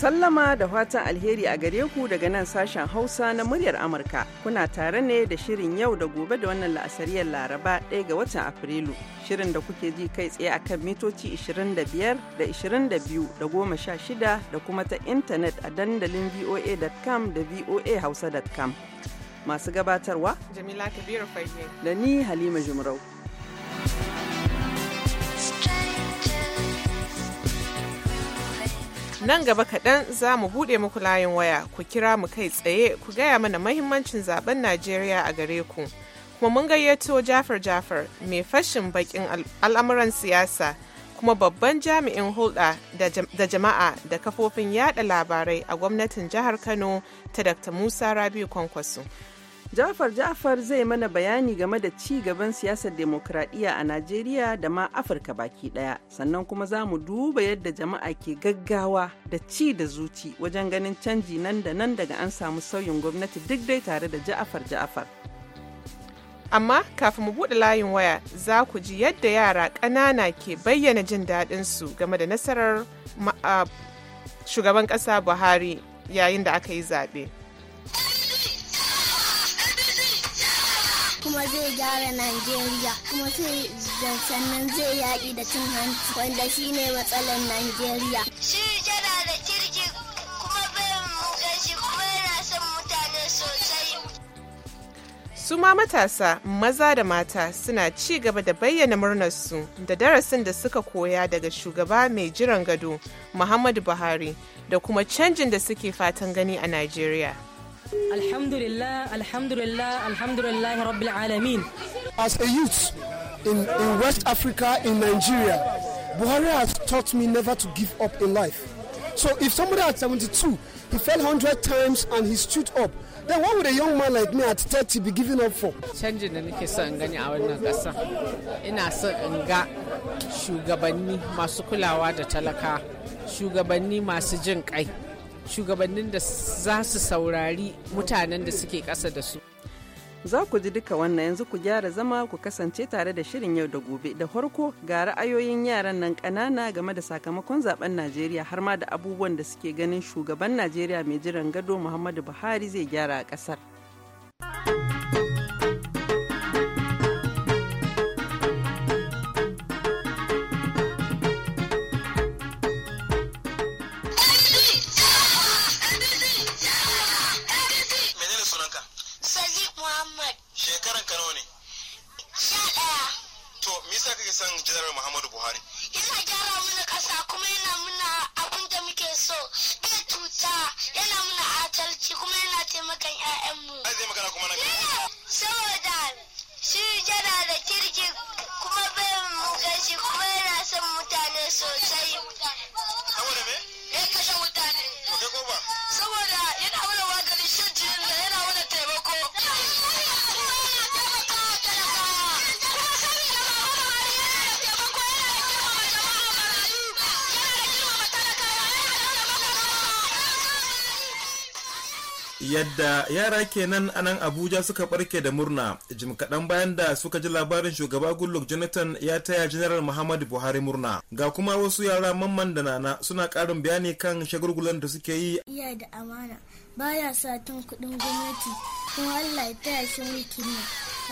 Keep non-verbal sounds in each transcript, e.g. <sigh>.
Sallama da fatan alheri a gare ku daga nan sashen Hausa na muryar Amurka. Kuna tare ne da shirin yau da gobe da wannan la'asariyar Laraba ɗaya ga watan Afrilu. Shirin da kuke ji kai tsaye akan mitoci 25 da 22 da 16 da kuma ta intanet a dandalin voa.com da voahausa.com. Masu gabatarwa? Jamila Kabiru Da ni Halima Jumrau. Nan gaba kaɗan za mu buɗe muku layin waya ku kira mu kai tsaye ku gaya mana mahimmancin zaben Najeriya a gare ku. Kuma mun gayyato Jafar Jafar mai fashin bakin al'amuran siyasa kuma babban jami'in hulɗa da jama'a da kafofin yada labarai a gwamnatin jihar Kano ta Dr. Musa rabi Kwankwaso. Jafar Jafar zai mana bayani game da ci gaban siyasar demokradiyya a Najeriya da ma Afirka baki daya. Sannan kuma za mu duba yadda jama'a ke gaggawa da ci da zuci wajen ganin canji nan da nan daga an samu sauyin gwamnati duk dai tare da Jafar Jafar. Amma kafin mu buɗe layin waya za ku ji yadda yara ƙanana ke bayyana jin daɗin su game da nasarar shugaban ƙasa Buhari yayin da aka yi zaɓe. kuma zai gyara Najeriya kuma sai sannan zai yaƙi da cin hanci wanda shi ne matsalar Najeriya. Shi yana da kirki kuma bai kuma yana son mutane sosai. Su ma matasa maza da mata suna ci gaba da bayyana murnarsu da darasin da suka koya daga shugaba mai jiran gado Muhammadu Buhari da kuma canjin da suke fatan gani a Najeriya. Alhamdulillah, alhamdulillah, alhamdulillah, Rabbil Alameen. As a youth in, in West Africa, in Nigeria, Buhari has taught me never to give up in life. So if somebody at 72, he fell 100 times and he stood up, then what would a young man like me at 30 be giving up for? Canjin da nake son gani a wannan ƙasa, ina son in ga shugabanni masu kulawa da talaka, shugabanni masu jin ƙai. shugabannin da za su saurari mutanen da suke ƙasa da su. Za ku ji duka wannan yanzu ku gyara zama ku kasance tare da shirin yau da gobe da farko ga ra'ayoyin yaran nan ƙanana game da sakamakon zaben Najeriya har ma da abubuwan da suke ganin shugaban Najeriya mai jiran gado Muhammadu Buhari zai gyara a ƙasar. yadda yara kenan a nan abuja suka barke da murna jim kaɗan bayan da suka ji labarin shugaba gullug jonathan ya taya janaral muhammadu buhari murna ga kuma wasu yara mamman da nana suna ƙarin bayani kan shagulgulan da suke yi iya da amana baya tun kuɗin gwamnati kuma allah ya taya shi mulki ne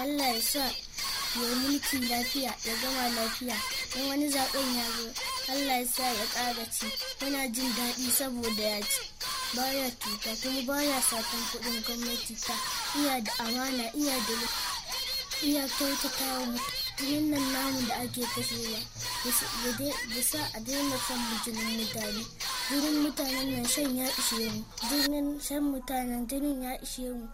allah ya sa ya mulki lafiya ya gama lafiya in wani zaɓen ya zo allah ya sa ya ƙara ci muna jin daɗi saboda ya ci baya cuta kuma baya satan kudin gwamnati ta iya da amana iya da iya kyautata mutu mutumin nan namun da ake kashewa da sa a daina son jinin mutane jirin mutanen nan shan ya ishe mu jirin shan mutanen jirin ya ishe mu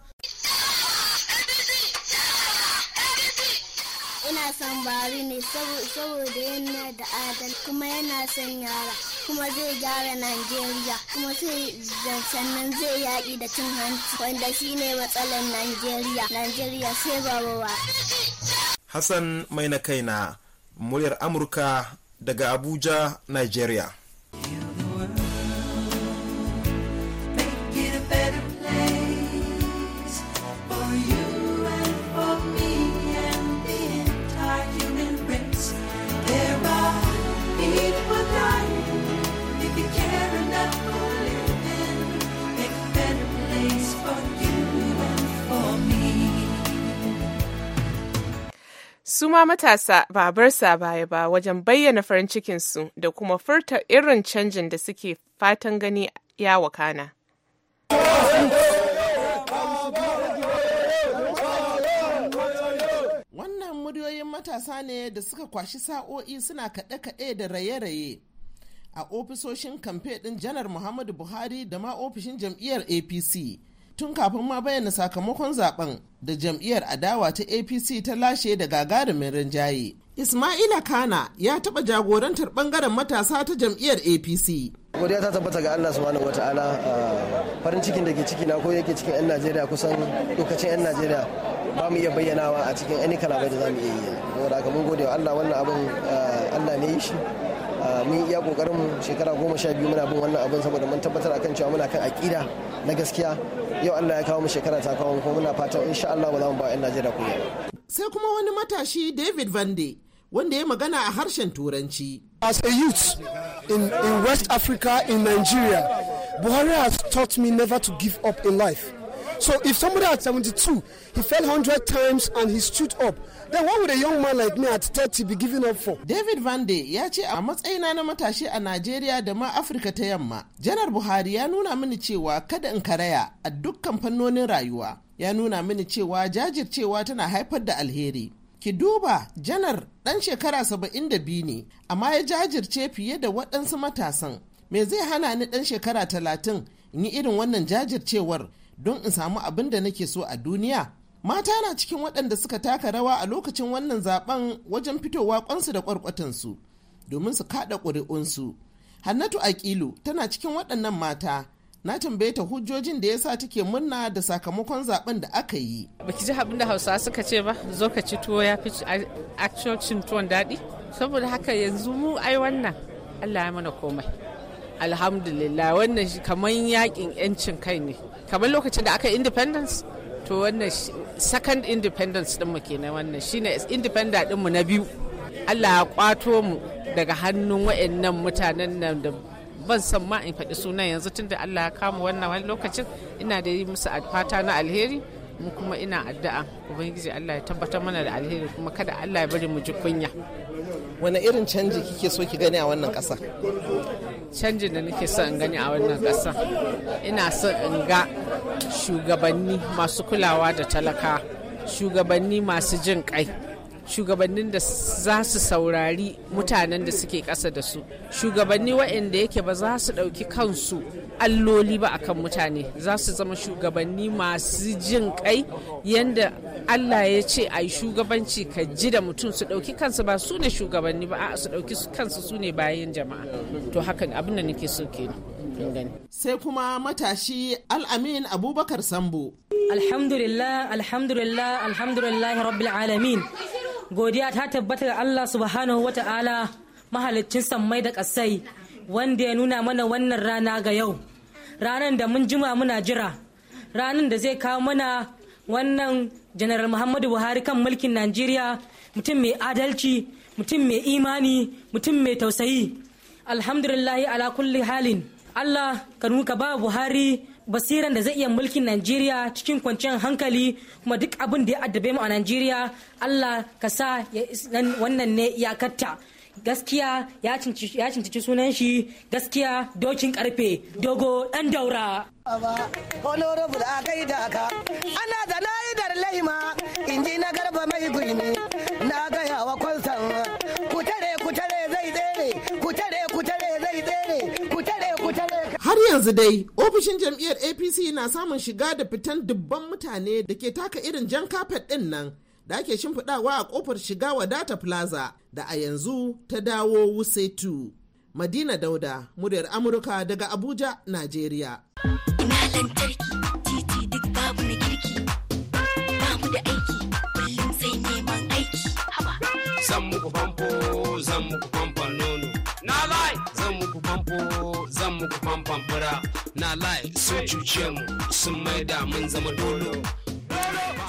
ina son bari ne saboda yana da adal kuma yana son yara kuma zai gyara Najeriya kuma sai sannan zai yaƙi da cin hanci wanda shi ne matsalar Najeriya. Najeriya sai babawa. Hassan mai na kaina muryar Amurka daga Abuja, Najeriya. Yeah. su ma matasa ba bar sa baya ba wajen bayyana farin cikinsu da kuma furta irin canjin da suke fatan gani ya wakana. Wannan muryoyin matasa ne da suka kwashi sa'o'i suna kaɗe-kaɗe da raye-raye a ofisoshin kamfe ɗin janar Muhammadu Buhari da ma ofishin jam'iyyar APC. tun kafin ma bayyana sakamakon zaben da jam'iyyar adawa ta apc ta lashe da gagarumin rinjaye ismaila kana ya taɓa jagorantar ɓangaren matasa ta jam'iyyar apc godiya ta tabbata ga Allah subhanahu wa ta'ala farin cikin da ke ciki na ko yake cikin 'yan Najeriya kusan lokacin 'yan Najeriya ba mu iya bayyanawa a cikin any kalabai da za mu iya yi saboda haka mun gode wa Allah wannan abin Allah ne shi mun iya kokarin shekara goma sha biyu muna bin wannan abin saboda mun tabbatar akan cewa muna kan aƙida na gaskiya yau Allah ya kawo mu shekara ta kawo kuma muna fatan insha Allah ba za mu ba 'yan Najeriya kunya sai kuma wani matashi David Vande wanda ya magana a harshen Turanci. As a youth in, in West Africa in Nigeria, Buhari has taught me never to give up in life. So if somebody at 72, he fell 100 times and he stood up, then what would a young man like me at 30 be giving up for? David Van Day ya ce a matsayina na matashi a Najeriya da ma Afirka ta yamma, Janar Buhari ya nuna mini cewa kada in karaya a dukkan fannonin rayuwa. Ya nuna mini cewa jajircewa tana haifar da alheri. Ki duba janar dan shekara saba'in da 72 ne, amma ya jajirce fiye da waɗansu matasan. Me zai hana ni dan shekara talatin in yi irin wannan jajircewar? don in samu abin da nake so a duniya mata na cikin waɗanda suka taka rawa a lokacin wannan zaben wajen fitowa kwansu da kwarkwatansu domin su kaɗa ƙuri'unsu hannatu aƙilu tana cikin waɗannan mata na tambaye ta hujjojin da yasa take murna da sakamakon zaben da aka yi baki ji abin da hausawa suka ce ba zo ka ci tuwo ya fi cin tuwon daɗi saboda haka yanzu mu ai wannan allah ya mana komai alhamdulillah wannan kamar yakin yancin kai ne kamar lokacin da aka independence to wannan second independence dinmu kenan wannan shine independent dinmu na biyu Allah ya kwato mu daga hannun wayannan mutanen nan da ban san ma in faɗi sunan yanzu tunda Allah ya kama wannan wani lokacin ina da yi musu fata na alheri mu kuma ina addu'a ubangiji Allah ya tabbatar mana da alheri kuma kada Allah ya bari mu ji kunya wani irin canji kike so ki gani a wannan ƙasa canjin da nake so in gani a wannan ƙasa ina so in ga shugabanni masu kulawa da talaka shugabanni masu jin kai shugabannin da za su saurari mutanen da suke ƙasa da su shugabanni waɗanda yake ba za su ɗauki kansu alloli ba akan mutane za su zama shugabanni masu jin kai yanda Allah ya ce a yi shugabanci ka ji da mutum su ɗauki kansu ba su ne shugabanni ba a su ɗauki kansu su ne bayan jama'a to hakan abin da nake so kenan sai kuma matashi al'amin abubakar sambo alhamdulillah alhamdulillah alhamdulillah rabbil alamin godiya ta tabbata ga Allah subhanahu wa ta'ala mahaliccin sammai da kasai wanda ya nuna mana wannan rana ga yau ranar da mun jima muna jira ranar da zai kawo mana wannan janaral muhammadu buhari kan mulkin najeriya mutum mai adalci mutum mai imani mutum mai tausayi alhamdulillah ala kulli halin allah ka nuka ba buhari basiran da zai iya mulkin najeriya cikin kwanciyar hankali kuma duk abin da ya addabe mu a najeriya allah ka sa wannan ne iyakarta gaskiya ya cinci sunan shi gaskiya dokin karfe dogo dan daura honorable a kai da ka ana da na da lahima in ji na garba mai gulmi na gaya wa kwansan ku kutare zai tsere kutare-kutare zai tsere kutare-kutare. har yanzu dai ofishin jam'iyyar apc na samun shiga da fitan dubban mutane da ke taka irin jan kafet din nan da ake shimfiɗawa a kofar shiga wadata plaza da a yanzu ta dawo Wusetu. Madina Dauda, muryar Amurka daga Abuja, Najeriya. Ina Zan muku famfo, Na lai, sun cuce sun maida mun zama dolo.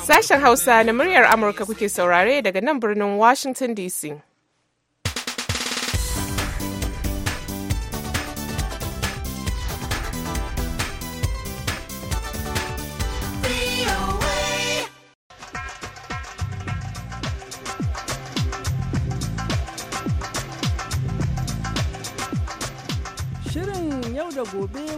Sashen Hausa na muryar Amurka kuke saurare daga nan birnin Washington DC.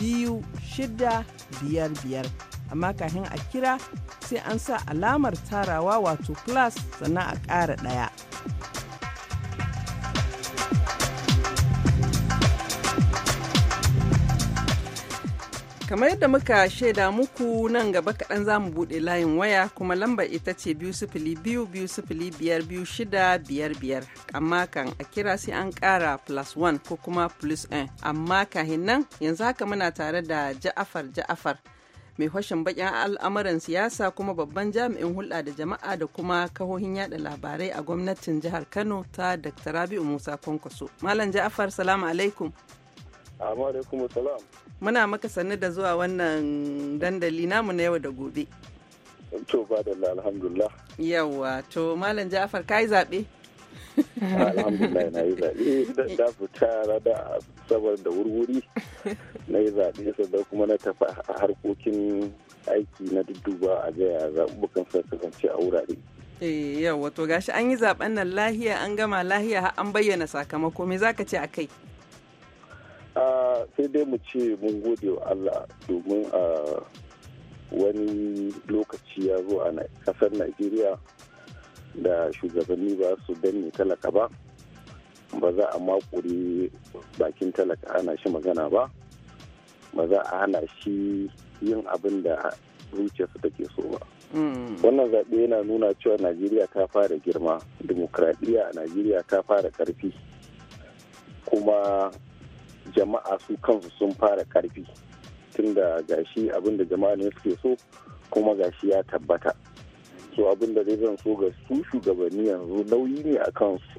biyu shida biyar amma kafin a kira sai an sa alamar tarawa wato class sannan a ƙara ɗaya. kamar yadda muka shaida muku nan gaba kaɗan za mu buɗe layin waya kuma lambar ita ce biyu sifili biyu biyu sifili biyar biyu shida biyar biyar amma kan a kira sai an ƙara plus one ko kuma plus n amma kahin nan yanzu haka muna tare da ja'afar ja'afar mai hashin bakin al'amuran siyasa kuma babban jami'in hulɗa da jama'a da kuma kahohin yada labarai a gwamnatin jihar kano ta dr rabi'u musa kwankwaso malam ja'afar salamu alaikum alaikum salam. Muna maka sannu da zuwa wannan dandali namu na yau da gobe. To ba da alhamdulillah. Yawwa to Malam Ja'far kai zaɓe. <laughs> Alhamdulillah na yi zaɓe da da fita da sabar da wurwuri na yi zaɓe sannan kuma na tafi a harkokin aiki na dudduba a gaya zaɓuɓɓukan sassakance a wurare. Eh yawa to gashi an yi zaɓen nan lahiya an gama lahiya an bayyana sakamako me zaka ce a kai? sai dai mu ce mun gode wa Allah domin a wani lokaci ya zo a kasar Najeriya da shugabanni ba su danne talaka ba ba za a makure bakin talaka ana shi magana ba ba za a hana shi yin abin da zuciyarsa take so ba hmm. wannan zaɓe yana nuna cewa najeriya ta fara girma dimokuraɗiyya a najeriya ta fara ƙarfi kuma jama'a su kansu sun fara karfi tun da gashi abin da jama'a ne suke so kuma gashi ya tabbata so abin da zai zan so ga su shugabanni yanzu nauyi ne a kansu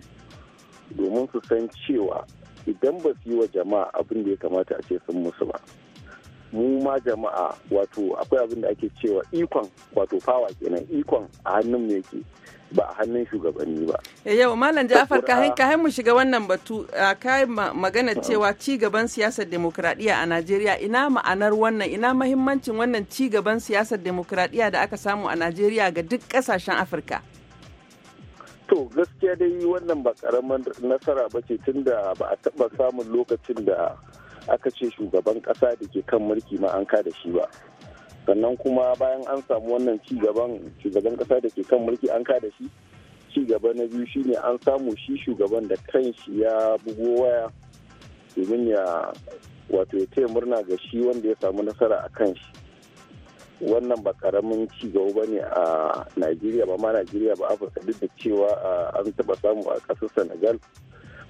domin su san cewa idan ba su yi wa jama'a abin da ya kamata a ce sun musu ba mu ma jama'a wato akwai abin da ake cewa ikon wato fawa kenan ikon a hannun yake ba a hannun shugabanni ba. Eh, yau Malam jafar ka mu shiga wannan batu kai magana cewa cigaban gaban siyasar a Najeriya ina ma'anar wannan ina mahimmancin wannan ci gaban siyasar demokradiyya da aka samu a Najeriya ga duk kasashen Afirka. To gaskiya dai wannan ba ƙaramin nasara ba ce tunda ba a taɓa samun lokacin da aka ce shugaban kasa da ke kan mulki ma an da shi ba sannan kuma bayan an samu wannan ci shugaban ƙasa da ke kan mulki an da shi ci gaba na biyu shine an samu shi shugaban da kanshi ya bugo waya domin ya wato ya taya murna ga shi wanda ya samu nasara a kan shi wannan ba karamin ci gaba ba ne a najeriya ba ma najeriya ba afirka duk da cewa an taba samu a ƙasar senegal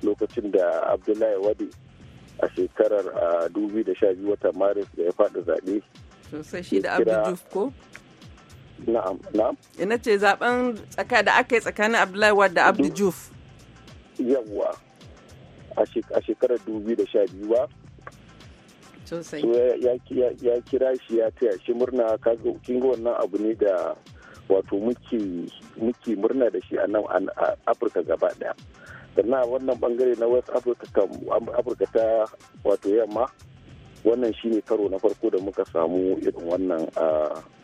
lokacin da abdullahi wade a shekarar dubi da sha biyu watan maris da ya faɗi zaɓe sosai shi da abdu ko na'am na'am ina ce zaben tsaka da aka yi tsakanin abdullahi da abdu juf mhm. yawwa a shekarar dubi da sha biyu ba sosai ya kira shi ya taya shi murna kin ga wannan abu ne da wato muke murna da shi a nan afirka gaba daya sannan a wannan bangare na west africa ta wato yamma wannan shine karo na farko da muka samu irin wannan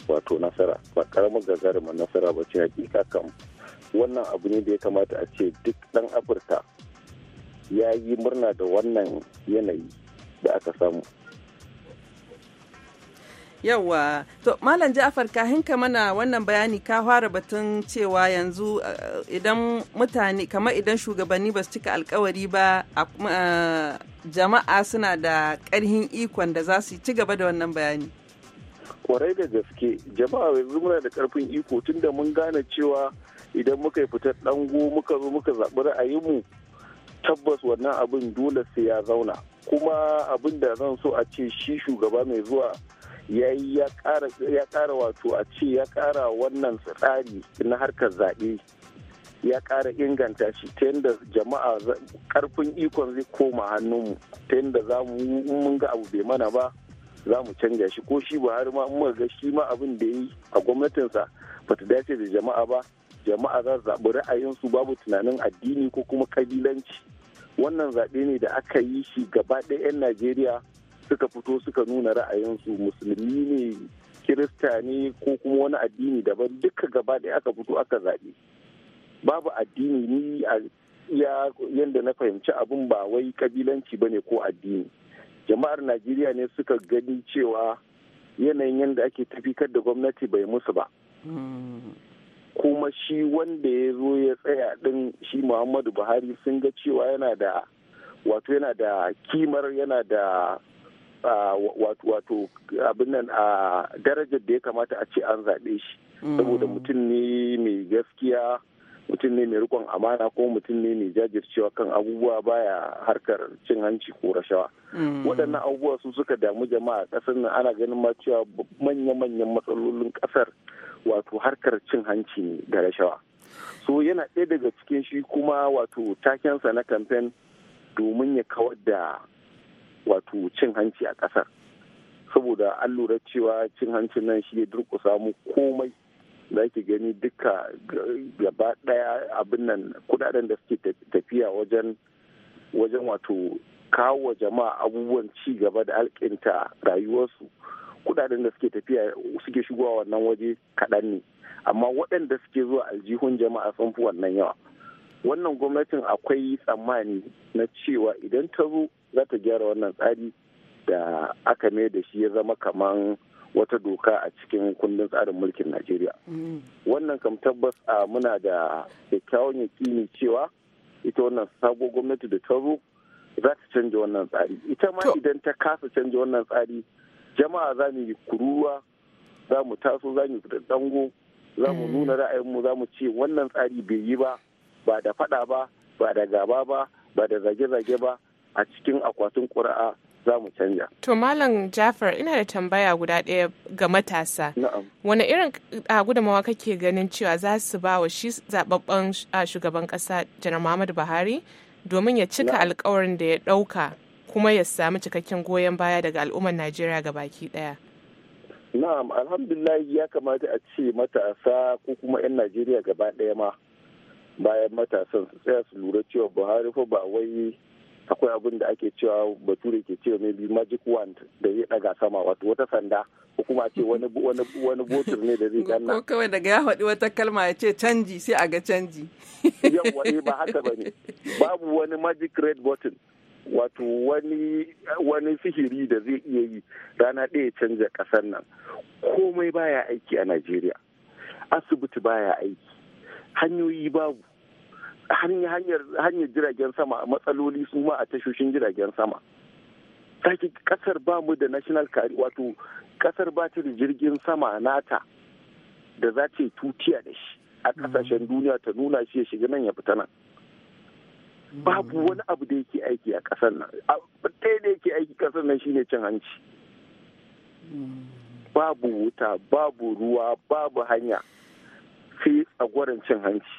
wato nasara ba karamar gagarumin nasara ba ce hakika kam wannan abu ne da ya kamata a ce duk dan afirka ya yi murna da wannan yanayi da aka samu yawwa to Malam Ja'far kahin ka mana wannan bayani ka fara batun cewa yanzu eh, idan mutane kamar idan shugabanni ba su cika alkawari ba eh, jama'a suna da karhin ikon da za su ci gaba da wannan bayani. Kwarai da gaske, jama'a yanzu muna da karfin iko tunda mun gane cewa idan muka yi fitar dango muka zo muka zaɓi mu tabbas wannan abin dole sai ya zauna. Kuma abin da zan so a ce shi shugaba mai zuwa ya kara wato a ce ya kara wannan tsari na harkar zaɓe ya kara inganta shi ta yadda jama'a karfin ikon zai koma hannunmu ta yadda za mu mun ga abu bai mana ba za mu canja shi ko shi buhari ma mun ga shi ma abin da yi a gwamnatinsa ba ta dace da jama'a ba jama'a za zaɓi ra'ayinsu babu tunanin addini ko kuma kabilanci wannan zaɓe ne da aka yi shi gaba ɗaya 'yan najeriya suka fito suka nuna ra'ayinsu musulmi ne kirista ne ko kuma wani addini daban duka gaba ɗaya aka fito aka zaɓe babu addini ni a ya yadda na fahimci abin ba wai kabilanci ba ne ko addini jama'ar najeriya ne suka gani cewa yanayin yadda ake tafikar da gwamnati bai musu ba kuma shi wanda ya zo ya tsaya din shi muhammadu buhari sun ga cewa yana da wato yana da kimar yana da wato abin nan a darajar da ya kamata a ce an zaɓe shi mm. saboda mutum ne mai gaskiya mutum ne mai rikon amana ko mutum ne mai jajircewa kan abubuwa baya harkar cin hanci ko rashawa mm. waɗannan abubuwa su suka damu jama'a ƙasar nan ana ganin ma cewa manya-manyan matsalolin ƙasar wato harkar cin hanci ne da rashawa so yana ɗaya daga cikin shi kuma wato takensa na kamfen domin ya kawar da wato cin hanci a ƙasar saboda an lura cewa cin hancin nan shi ya durƙusa mu komai za ki gani duka gaba ɗaya abin nan kudaden da suke tafiya wajen wajen wato kawo jama'a abubuwan ci gaba da alkinta rayuwarsu kudaden da suke tafiya suke shigowa wannan waje kaɗan ne amma waɗanda suke zuwa aljihun jama'a sun fi wannan yawa wannan gwamnatin akwai tsammani na cewa idan ta zo za ta gyara wannan tsari da aka mai da shi ya zama kaman wata doka a cikin kundin tsarin mulkin najeriya mm. wannan kam tabbas a muna da kyakkyawan yakini cewa ita wannan sabo gwamnati da ta zo za ta canja wannan tsari ita ma idan ta kasa canja wannan tsari jama'a za mu yi kuruwa za mu taso za mu yi dango za mu mm. nuna ra'ayinmu za mu ce wannan tsari bai yi ba ba da fada ba ba da gaba ba ba da zage-zage ba a cikin akwatin ƙuri'a za mu canja. To Malam Jafar ina da tambaya guda ɗaya ga matasa. Wane irin a gudunmawa kake ganin cewa za su ba wa shi zababben shugaban ƙasa Janar Muhammadu Buhari domin ya cika alkawarin da ya ɗauka kuma ya sami cikakken goyon baya daga al'ummar Najeriya ga baki ɗaya. Na'am, alhamdulillah ya kamata a ce matasa ko kuma 'yan Najeriya gaba ɗaya ma bayan matasan su tsaya su lura cewa buhari fa ba wai akwai abin da ake cewa bature ke cewa maybe magic wand da zai daga sama wato wata sanda ko kuma ce wani wani wani botur ne da zai <laughs> danna ko kawai daga ya faɗi wata kalma ya ce canji sai a ga canji <laughs> yawa ne eh, ba haka bane babu wani magic red button wato wani wani sihiri da zai iya yi rana ɗaya canza ƙasar nan komai baya aiki a Najeriya asibiti baya aiki hanyoyi babu hanyar hanyar jiragen sama a matsaloli su ma a tashoshin jiragen sama sake kasar ba mu da national kari wato kasar ba ta da jirgin sama nata da za ta tutiya da shi a kasashen mm. duniya ta nuna shi ya shiga nan ya fita nan mm. babu wani abu da yake aiki a kasar nan ɗaya da yake aiki kasar nan shine cin hanci mm. babu wuta babu ruwa babu hanya a gwaran cin hanci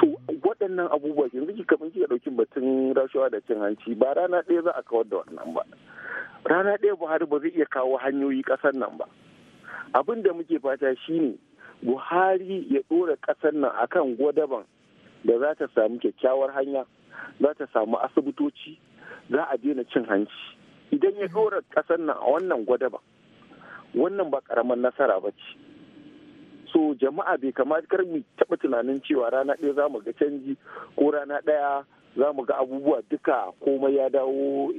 to waɗannan abubuwa ke ziki kamar kika ɗauki batun rashawa da cin hanci ba rana ɗaya za a kawar da wannan ba rana ɗaya buhari ba zai iya kawo hanyoyi ƙasar nan ba abin da muke fata shine buhari ya ɗora ƙasar nan akan gwadaban da za ta samu kyakkyawar hanya za ta samu asibitoci za a daina cin hanci idan ya ɗora ƙasar nan a wannan gwadaban wannan ba ƙaramin nasara ba ce so jama'a bai kamata kar mu taɓa tunanin cewa rana ɗaya za mu ga canji ko rana ɗaya za mu ga abubuwa duka komai ya dawo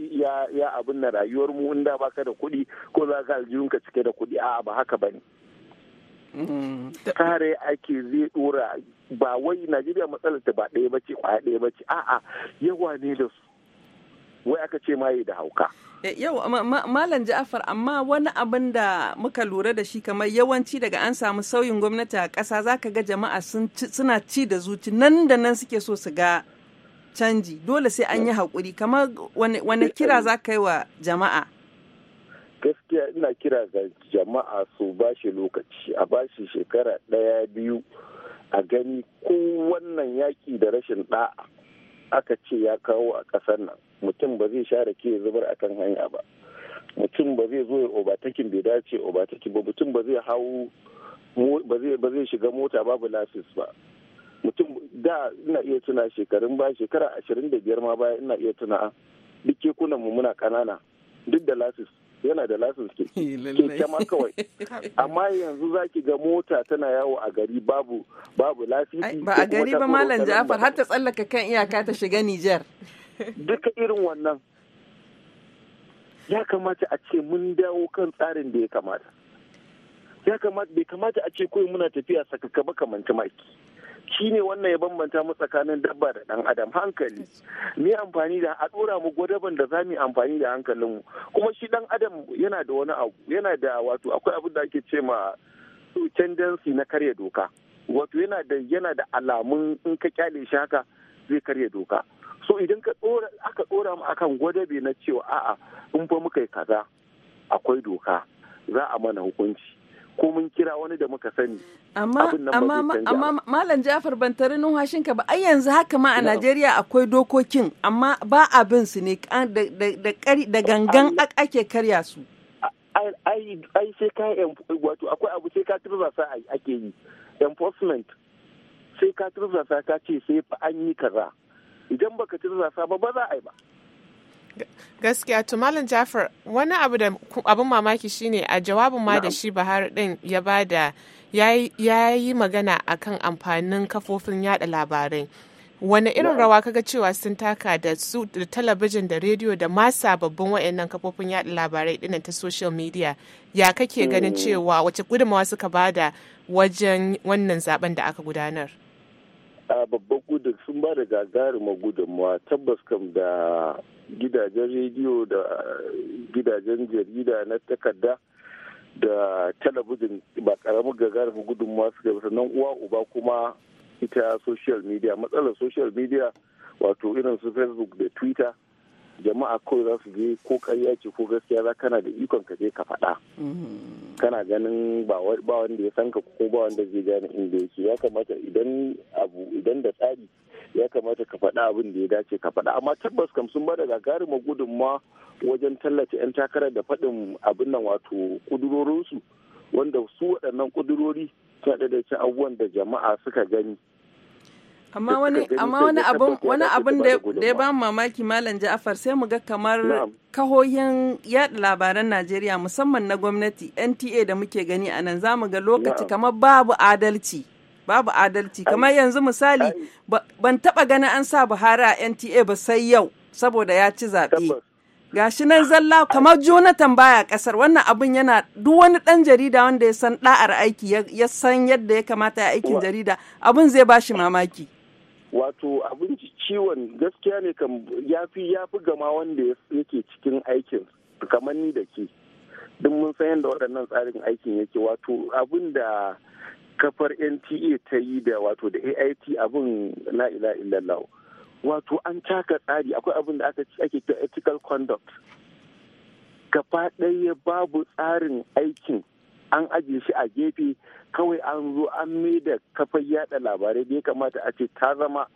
ya abin na rayuwar mu inda baka da kuɗi ko za ka aljihunka cike da kuɗi a'a ba haka bane mm. kare ake zai dora ba wai najeriya matsalar ta ba ɗaya bace kwaya ɗaya bace a'a yawa ne da su wai aka ce ma maye da hauka Eh, yau, Malam jafar amma wani abin da muka lura da shi kamar yawanci daga an samu sauyin gwamnati a ƙasa za ka ga jama'a suna ci da zuci nan da nan suke so su ga canji dole sai an yi haƙuri kamar wani kira za ka yi wa jama'a. Gaskiya ina kira ga jama'a su bashi lokaci a bashi shekara ɗaya biyu a gani ko wannan yaƙi da rashin ɗa'a aka ce ya kawo a ƙasar nan mutum ba zai share ke zubar a kan hanya ba mutum ba zai zo ya obatakin bai dace obatakin ba mutum ba zai hau ba zai shiga mota babu lasis ba mutum da ina iya tuna shekarun ba shekara ashirin da biyar ma baya ina iya tuna duk kekunan mu muna ƙanana duk da lasis yana da license ke <laughs> keke kawai <laughs> amma yanzu za ki ga mota tana yawo a gari babu babu lafiya ba a gari ba malam Ja'far har ta tsallaka kan iyaka ta shiga Nijar. duka irin wannan ya kamata a ce mun dawo kan tsarin da ya kamata ya kamata bai kamata a ce kawai muna tafiya sakaka ba kamar tumaki shi ne wannan ya bambanta mu tsakanin dabba da dan adam hankali ni amfani da a dora mu gwadaban da zamu amfani da hankalinmu kuma shi dan adam yana da wani abu yana da wato akwai abin da ake ce ma tendency na karya doka wato yana da yana da alamun in ka kyale shi haka zai karya doka so idan ka dora aka dora mu akan gwadabe na cewa a'a in fa muka yi kaza akwai doka za a mana hukunci ko mun kira wani da muka sani. Amma amma Malam Jafar ban tare numfashinka ba ai yanzu haka ma a Najeriya akwai dokokin amma ba abin su ne da gangan ake karya su. Ai sai ka wato akwai abu sai ka sa ake yi enforcement sai ka sa ka ce sai fa an yi kaza idan baka sa ba ba za a yi ba. gaskiya to malam jafar wani abu da abin mamaki shine a jawabin ma da shi bahar din ya bada ya yi magana akan amfanin kafofin yada labarai wani irin rawa kaga cewa sun taka da su da talabijin da rediyo da ma sababbin wayannan kafofin yada labarai din ta social media ya kake ganin hmm. cewa wace gudunmawa suka bada wajen wannan zaben da aka gudanar a babban gudun sun ba da gagarumar gudunmawa tabbas kam da gidajen rediyo da gidajen jarida na takarda da talabijin ba karamin gagarumin gudunmawa su yi sannan uwa uba kuma ita social media matsalar social media wato irin su facebook da twitter jama'a kawai za su je ko karya ce ko gaskiya za kana da ikon ka je ka faɗa mhm. kana ganin ba wanda ya san ka ko ba wanda zai gane inda yake ya kamata idan abu idan da tsari ya kamata ka faɗa abin da ya dace ka faɗa amma tabbas kam sun bada gagarima gudunmawa wajen tallata 'yan takarar da faɗin abin nan wato kudurorinsu wanda su waɗannan kudurori sun da abubuwan da jama'a suka gani amma wani amma wani abun wani abun da ya ba mamaki malam Ja'far sai mu ga kamar kahoyin yada labaran Najeriya musamman na gwamnati NTA da muke gani a nan zamu ga lokaci kamar babu adalci babu adalci kamar yanzu misali ban taba ganin an sa Buhari a NTA ba sai yau saboda ya ci zaɓe gashi nan zalla kamar Jonathan baya kasar wannan abun yana duk wani dan jarida wanda ya san da'ar aiki ya san yadda ya kamata ya aikin jarida abun zai bashi mamaki wato abinci ciwon gaskiya ne kam ya fi ya fi gama wanda yake cikin aikin kamar ni da ke duk mun san yadda waɗannan tsarin aikin yake wato abin da kafar nta ta yi da wato da ait abin na ila illallah wato an taka tsari akwai abin da aka ake ethical conduct gaba ɗaya babu tsarin aikin an ajiye shi a gefe kawai an zo an mai da kafar yada labarai da ya kamata a ce ta zama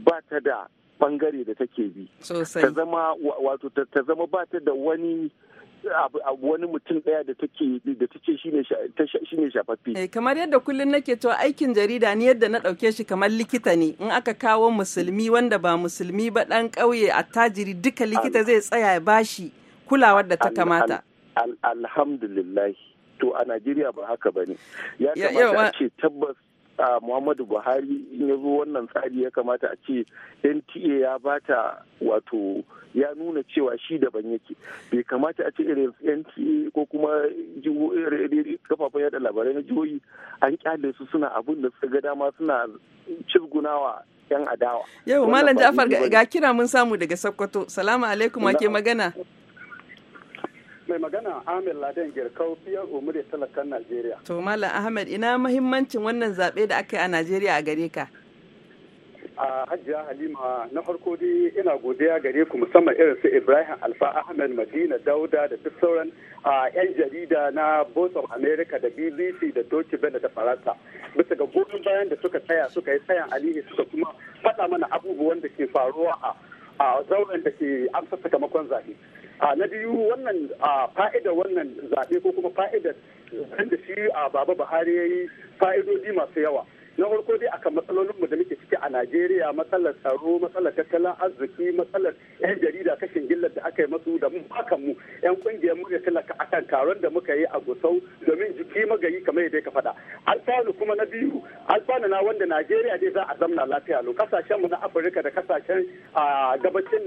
ba ta da bangare da take bi ta zama wato ta zama ba ta da wani wani mutum daya da take da take shine shafaffe eh kamar yadda kullun nake to aikin jarida ne yadda na dauke shi kamar likita ne in aka kawo musulmi wanda ba musulmi ba dan kauye attajiri duka likita zai tsaya ya bashi kulawar da ta kamata alhamdulillah to a najeriya ba haka ba ne ya kamata a ce tabbas a muhammadu buhari in ya zo wannan tsari ya kamata a ce nta ya bata wato ya nuna cewa shi daban yake bai kamata a ce irin nta ko kuma er, er, er, kafafen yada labarai na jihohi an kyale su suna abin da suka ga dama suna cizgunawa yan adawa yau malam jafar ga kira mun samu daga sokoto salamu alaikum ake magana mai magana Ahmed Laden Girkau fiyar umuri talakan Najeriya. To Mala Ahmed ina mahimmancin wannan zaɓe da aka yi a Najeriya a gare ka? A Hajiya Halima na farko dai ina godiya gare ku musamman irin su Ibrahim Alfa Ahmed Madina Dauda da duk sauran a 'yan jarida na Voice of America da BBC da Deutsche Welle da Faransa. Bisa ga goyon bayan da suka tsaya suka yi tsayan alihi suka kuma faɗa mana abubuwan da ke faruwa a zauren da ke amsa sakamakon zaɓe. na biyu wannan fa'idar wannan zaɓe ko kuma fa'idar wanda shi a baba buhari ya yi fa'idodi masu yawa na farko dai akan matsalolin mu da muke ciki a Najeriya matsalar tsaro matsalar tattalin arziki matsalar yan jarida kashin gillar da aka yi masu da mu akan mu yan kungiyar mu talaka akan taron da muka yi a Gusau domin jiki magayi kamar yadda ka faɗa alfanu kuma na biyu alfanu na wanda Najeriya dai za a zamna lafiya lo kasashen mu na Afirka da kasashen gabacin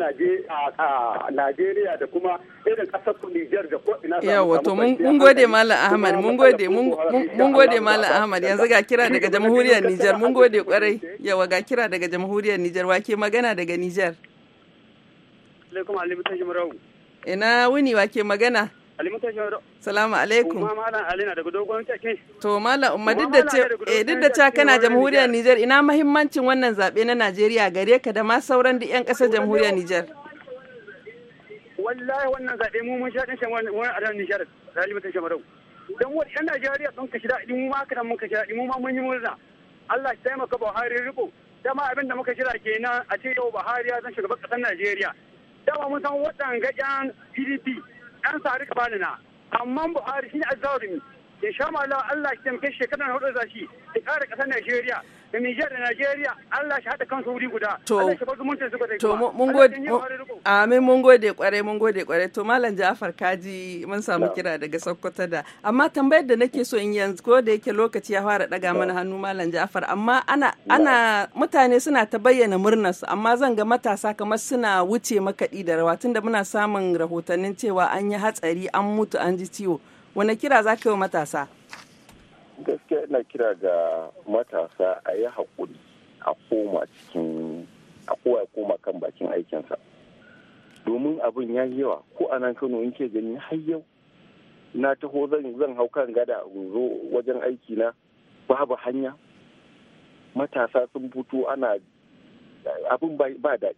Najeriya da kuma irin kasar su Niger da ko ina yawa to mun gode Malam Ahmad mun gode mun gode Malam Ahmad yanzu ga kira daga jamhuriyar Nijar mun gode kwarai yawa ga kira daga jamhuriyar Nijar wake magana daga Nijar. Alaikum alimitan jimarau. Ina wuni wake magana. Alimitan jimarau. Salamu alaikum. Kuma malam Alina daga dogon take. To malam umma duk da ce eh, duk da ce kana jamhuriyar Nijar ina mahimmancin wannan zabe na Najeriya gare ka da ma sauran duk yan kasar jamhuriyar Nijar. Wallahi wannan zabe mu mun shaɗin kan shan wani ran Nijar. Alimitan jimarau. Dan wani yan Najeriya sun kashi daɗi mu ma ka mun kashi daɗi mu ma mun yi murna. Allah ya taimaka Buhari riko dama abin da muka kira kenan a ce yau Buhari ya zan shugaban kasar Najeriya dama mun san waɗanga yan PDP yan sari kabani na amma Buhari shine azzarumi ya sha Allah ya taimake na hudu zashi ya kare kasar Najeriya da Nijar da Najeriya Allah shi haɗa kansu wuri guda. To, to mun gode, amin mun gode kware mun gode kware. To Malam Jafar Kaji mun samu kira daga Sokoto da. Amma tambayar da nake so in yanzu ko da yake lokaci ya fara ɗaga mana hannu Malam Jafar amma ana ana mutane suna ta bayyana murnarsu amma zan ga matasa kamar suna wuce makaɗi da rawa tunda muna samun rahotannin cewa an yi hatsari an mutu an ji ciwo. Wane kira za ka yi wa matasa? gaskiya ina kira ga matasa a yi haƙuri a koma cikin a kowa ya koma kan bakin aikinsa domin abin ya yi yawa ko a nan kano in ke gani har yau na taho zan zan hau kan gada zo wajen aiki na babu hanya matasa sun fito ana abin ba daɗi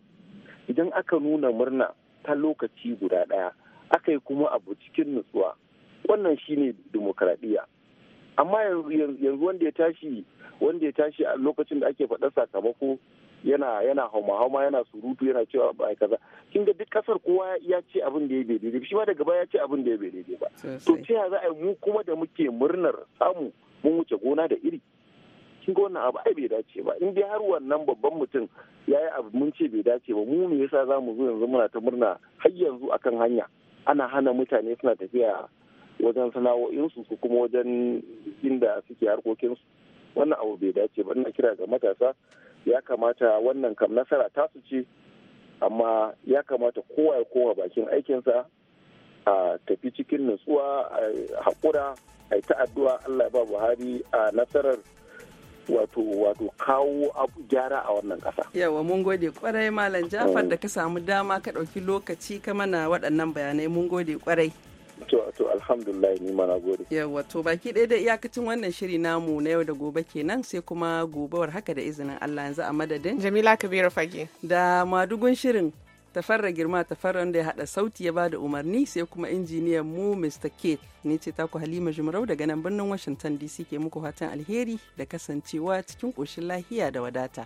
idan aka nuna murna ta lokaci guda ɗaya aka yi kuma abu cikin nutsuwa wannan shine dimokuraɗiyya amma yanzu wanda ya tashi wanda ya tashi a lokacin da ake faɗar sakamako yana yana hauma hauma yana surutu yana cewa ba kaza kin ga duk kasar kowa ya ce abin da ya bai daidai shi ma daga baya ya ce abin da ya bai daidai ba to ce za a yi mu kuma da muke murnar samu mun wuce gona da iri kin ga wannan abu ai bai dace ba in dai har wannan babban mutum ya yi abu mun ce bai dace ba mu me yasa za mu zo yanzu muna ta murna har yanzu akan hanya ana hana mutane suna tafiya wajen sana'o'insu su kuma wajen inda suke harkokinsu wannan abu bai dace ba ina kira ga matasa ya kamata wannan kam nasara su ce amma ya kamata kowa ya koma bakin aikinsa a tafi cikin nutsuwa a haƙura a yi ta'addu'a allah ba buhari a nasarar wato wato kawo abu gyara a wannan ƙasa. yawa mun gode kwarai malam jafar mm. da ka samu dama ka ɗauki lokaci ka mana waɗannan bayanai mun gode kwarai To, to alhamdulillah ni mana gode. Yawwa to baki ɗaya da iyakacin wannan shiri namu na yau da gobe kenan sai kuma gobewar haka da izinin Allah yanzu a madadin. Jamila Kabiru Fage. Da madugun shirin tafarra girma tafarra da ya haɗa sauti ya bada umarni sai kuma injiniyan mu Mr. Kate ne ce taku Halima Jumarau daga nan birnin Washington DC ke muku fatan alheri da kasancewa cikin ƙoshin lahiya da wadata.